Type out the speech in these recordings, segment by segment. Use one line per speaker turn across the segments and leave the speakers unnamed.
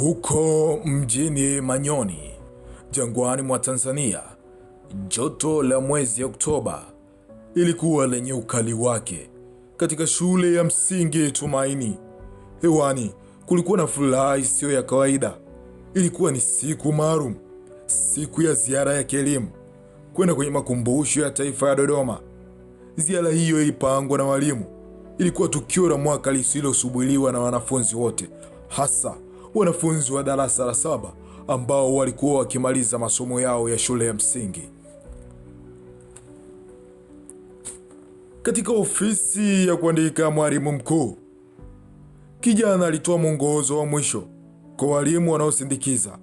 Huko mjini Manyoni, jangwani mwa Tanzania, joto la mwezi Oktoba ilikuwa lenye ukali wake. Katika shule ya msingi Tumaini, hewani kulikuwa na furaha isiyo ya kawaida. Ilikuwa ni siku maalum, siku ya ziara ya kielimu kwenda kwenye makumbusho ya taifa ya Dodoma. Ziara hiyo ilipangwa na walimu, ilikuwa tukio la mwaka lisilosubiriwa na wanafunzi wote, hasa wanafunzi wa darasa la saba ambao walikuwa wakimaliza masomo yao ya shule ya msingi. Katika ofisi ya kuandika mwalimu mkuu, kijana alitoa mwongozo wa mwisho kwa walimu wanaosindikiza.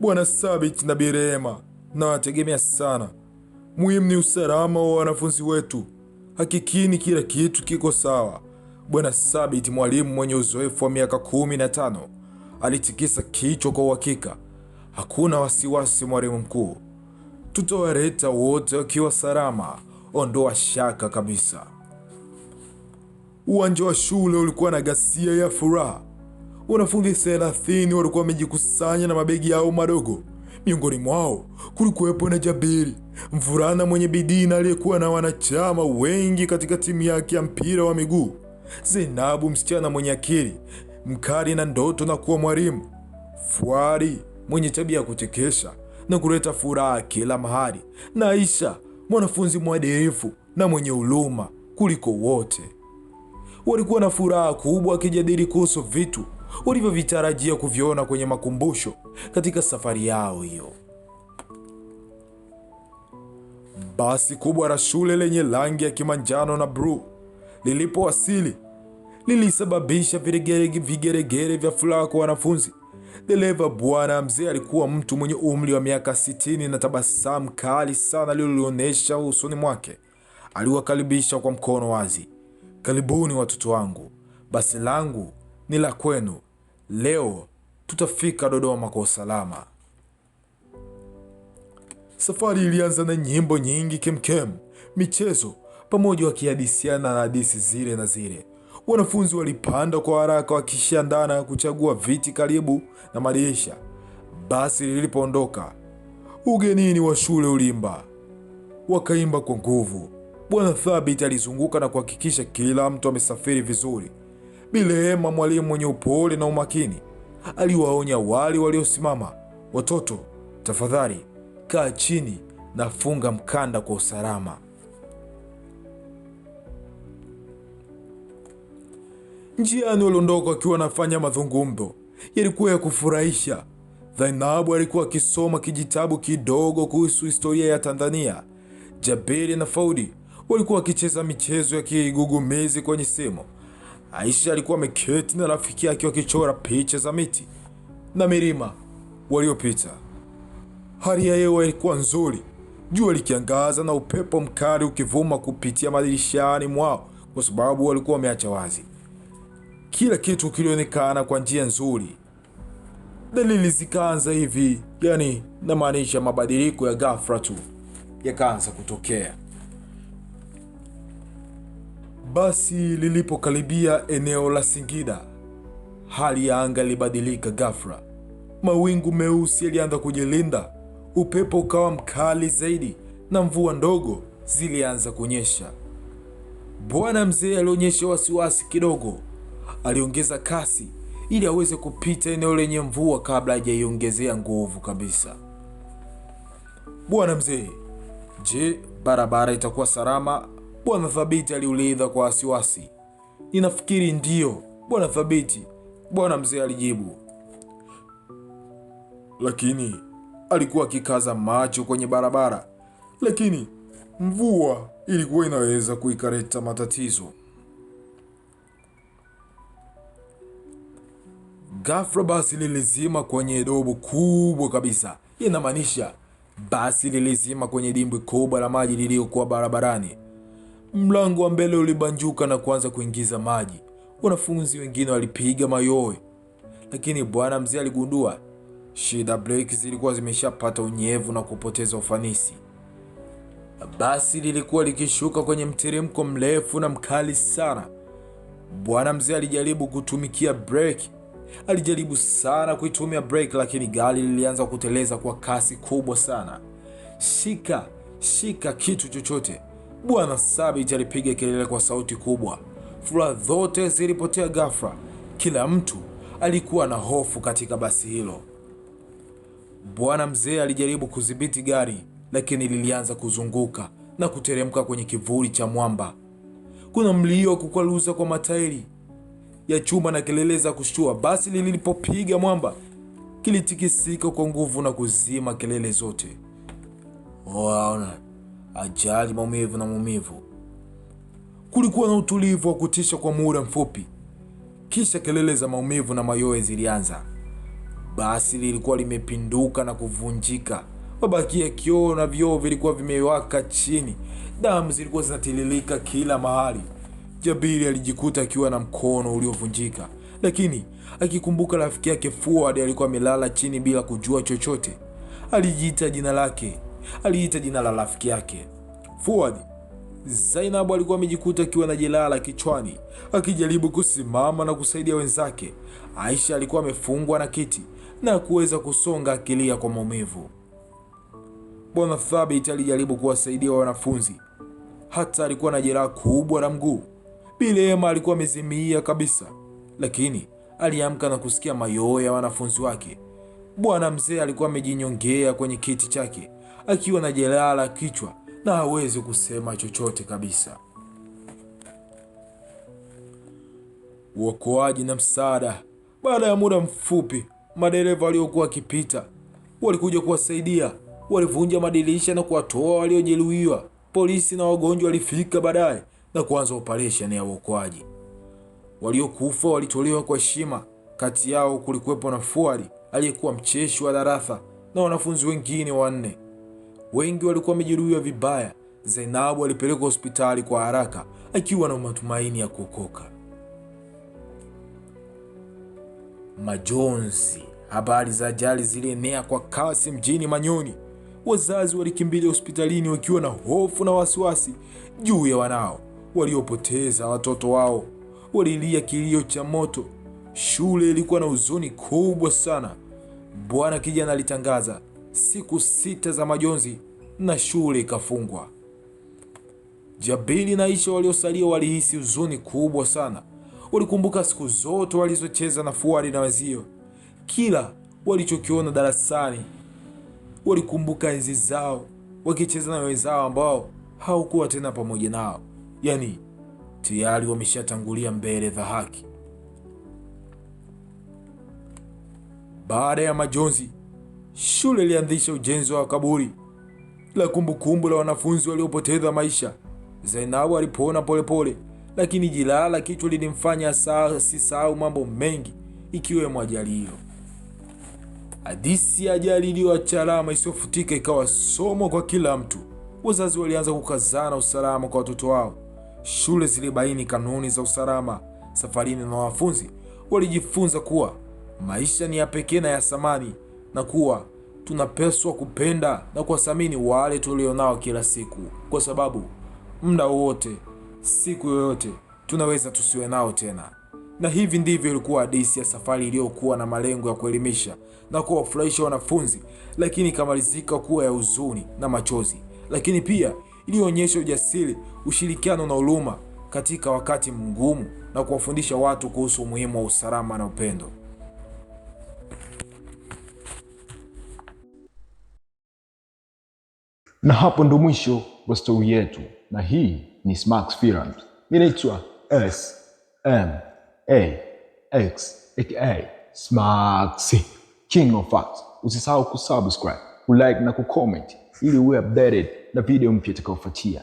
Bwana Sabit na Birema, nawategemea sana. Muhimu ni usalama wa wanafunzi wetu, hakikini kila kitu kiko sawa. Bwana Sabit, mwalimu mwenye uzoefu wa miaka kumi na tano alitikisa kichwa kwa uhakika. Hakuna wasiwasi, mwalimu mkuu, tutawaleta wote wakiwa salama, ondoa shaka kabisa.
Uwanja wa shule ulikuwa na ghasia ya furaha. Wanafunzi thelathini walikuwa wamejikusanya na mabegi yao madogo. Miongoni mwao kulikuwepo na Jabiri, mvulana mwenye bidii na aliyekuwa na wanachama wengi katika timu yake ya mpira wa miguu. Zainabu, msichana mwenye akili mkali na ndoto na kuwa mwalimu fuari mwenye tabia ya kuchekesha na kuleta furaha kila mahali, na Aisha mwanafunzi mwadilifu na mwenye huruma kuliko wote. Walikuwa na furaha kubwa wakijadili kuhusu vitu walivyovitarajia kuviona kwenye makumbusho katika safari yao hiyo.
Basi kubwa la shule lenye rangi ya kimanjano na bluu lilipowasili lilisababisha vigeregere vya furaha kwa wanafunzi. Dereva bwana mzee alikuwa mtu mwenye umri wa miaka sitini na tabasamu kali sana lilolionyesha usoni mwake. Aliwakaribisha kwa mkono wazi. Karibuni watoto wangu, basi langu ni la kwenu. Leo tutafika Dodoma kwa usalama.
Safari ilianza na nyimbo nyingi kemkem, michezo pamoja, wakihadisiana na hadisi zile na zile. Wanafunzi walipanda kwa haraka wakishandana kuchagua viti karibu na madirisha. Basi lilipoondoka, ugenini wa shule ulimba, wakaimba kwa nguvu. Bwana Thabit alizunguka na kuhakikisha kila mtu amesafiri vizuri. Bilehema, mwalimu mwenye upole na umakini, aliwaonya wale waliosimama, watoto, tafadhali kaa chini na funga mkanda kwa usalama.
Njiani waliondoka akiwa anafanya mazungumzo yalikuwa ya kufurahisha. Zainabu alikuwa akisoma kijitabu kidogo kuhusu historia ya Tanzania. Jabiri na Faudi walikuwa wakicheza michezo ya kigugumizi kwenye simu. Aisha alikuwa ameketi na rafiki yake wakichora picha za miti na milima waliopita. Hali ya hewa ilikuwa nzuri, jua likiangaza na upepo mkali ukivuma kupitia madirishani mwao, kwa sababu walikuwa wameacha wazi kila kitu kilionekana kwa njia nzuri. Dalili zikaanza hivi, yani namaanisha mabadiliko ya ghafla tu yakaanza kutokea.
Basi lilipokaribia eneo la Singida, hali ya anga ilibadilika ghafla. Mawingu meusi yalianza kujilinda, upepo ukawa mkali zaidi, na mvua ndogo zilianza kunyesha. Bwana mzee alionyesha wasiwasi kidogo, aliongeza kasi ili aweze kupita eneo lenye mvua kabla hajaiongezea nguvu kabisa.
Bwana mzee, je, barabara itakuwa salama? Bwana Thabiti aliuliza kwa wasiwasi. Ninafikiri ndiyo, Bwana Thabiti, bwana mzee alijibu,
lakini alikuwa akikaza macho kwenye barabara, lakini mvua ilikuwa inaweza kuikareta matatizo.
Ghafla basi lilizima kwenye dobo kubwa kabisa. Inamaanisha basi lilizima kwenye dimbwi kubwa la maji liliyokuwa barabarani. Mlango wa mbele ulibanjuka na kuanza kuingiza maji. Wanafunzi wengine walipiga mayowe, lakini bwana mzee aligundua shida breki zilikuwa zimeshapata unyevu na kupoteza ufanisi. Basi lilikuwa likishuka kwenye mteremko mrefu na mkali sana. Bwana mzee alijaribu kutumikia breki Alijaribu sana kuitumia break lakini gari lilianza kuteleza kwa kasi kubwa sana. Shika shika kitu chochote! Bwana Sabit alipiga kelele kwa sauti kubwa. Furaha zote zilipotea ghafla. Kila mtu alikuwa na hofu katika basi hilo. Bwana mzee alijaribu kudhibiti gari, lakini lilianza kuzunguka na kuteremka kwenye kivuli cha mwamba. Kuna mlio kukwaruza kwa matairi ya chuma na kelele za kushtua. Basi lilipopiga mwamba, kilitikisika kwa nguvu na kuzima kelele zote.
Waona ajali, maumivu na maumivu. Kulikuwa na utulivu wa kutisha kwa muda mfupi, kisha kelele za maumivu na mayowe zilianza. Basi lilikuwa limepinduka na kuvunjika. Mabaki ya kioo na vioo vilikuwa vimewaka chini. Damu zilikuwa zinatiririka kila mahali. Jabiri alijikuta akiwa na mkono uliovunjika, lakini akikumbuka rafiki yake Fuad alikuwa amelala chini bila kujua chochote. Alijiita jina lake, aliita jina la rafiki yake Fuad. Zainabu alikuwa amejikuta akiwa na jeraha la kichwani akijaribu kusimama na kusaidia wenzake. Aisha alikuwa amefungwa na kiti na kuweza kusonga akilia kwa maumivu. Bwana Thabit alijaribu kuwasaidia wanafunzi, hata alikuwa na jeraha kubwa la mguu bilema alikuwa amezimia kabisa, lakini aliamka na kusikia mayoo ya wanafunzi wake. Bwana mzee alikuwa amejinyongea kwenye kiti chake akiwa na jeraha la kichwa na hawezi kusema chochote kabisa.
Uokoaji na msaada. Baada ya muda mfupi, madereva waliokuwa wakipita walikuja kuwasaidia. Walivunja madirisha na kuwatoa waliojeruhiwa. Polisi na wagonjwa walifika baadaye na kuanza operesheni ya uokoaji. Waliokufa walitolewa kwa heshima. Kati yao kulikuwepo na Fuali aliyekuwa mcheshi wa darasa na wanafunzi wengine wanne. Wengi walikuwa wamejeruhiwa vibaya. Zainabu alipelekwa hospitali kwa haraka akiwa na matumaini ya kuokoka.
Majonzi. Habari za ajali zilienea kwa kasi mjini Manyoni. Wazazi walikimbilia hospitalini wakiwa na hofu na wasiwasi juu ya wanao waliopoteza watoto wao walilia kilio cha moto. Shule ilikuwa na huzuni kubwa sana. Bwana kijana alitangaza siku sita za majonzi na shule ikafungwa.
Jabili na Aisha waliosalia walihisi huzuni kubwa sana. Walikumbuka siku zote walizocheza na Fuadi na wazio kila walichokiona darasani. Walikumbuka enzi zao wakicheza na wenzao ambao hawakuwa tena pamoja nao yani tayari wameshatangulia mbele za haki.
Baada ya majonzi, shule ilianzisha ujenzi wa kaburi la kumbukumbu la wanafunzi waliopoteza maisha. Zainabu alipona polepole, lakini jilaa la kichwa lilimfanya asisahau mambo mengi, ikiwemo ajali hiyo.
Hadisi ya ajali iliyoacha alama isiyofutika ikawa somo kwa kila mtu. Wazazi walianza kukazana usalama kwa watoto wao. Shule zilibaini kanuni za usalama safarini na wanafunzi walijifunza kuwa maisha ni ya pekee na ya thamani na kuwa tunapaswa kupenda na kuwathamini wale tulionao kila siku, kwa sababu muda wowote, siku yoyote, tunaweza tusiwe nao tena. Na hivi ndivyo ilikuwa hadithi ya safari iliyokuwa na malengo ya kuelimisha na kuwafurahisha wanafunzi, lakini ikamalizika kuwa ya huzuni na machozi, lakini pia onyeshe ujasiri, ushirikiano na huruma katika wakati mgumu na kuwafundisha watu kuhusu umuhimu wa usalama na upendo.
Na hapo ndo mwisho wa stori yetu, na hii ni Smax Films. Mimi naitwa S M A X aka Smax King of Facts. Usisahau kusubscribe, kulike na kucomment ili uwe updated na video mpya itakayofuatia.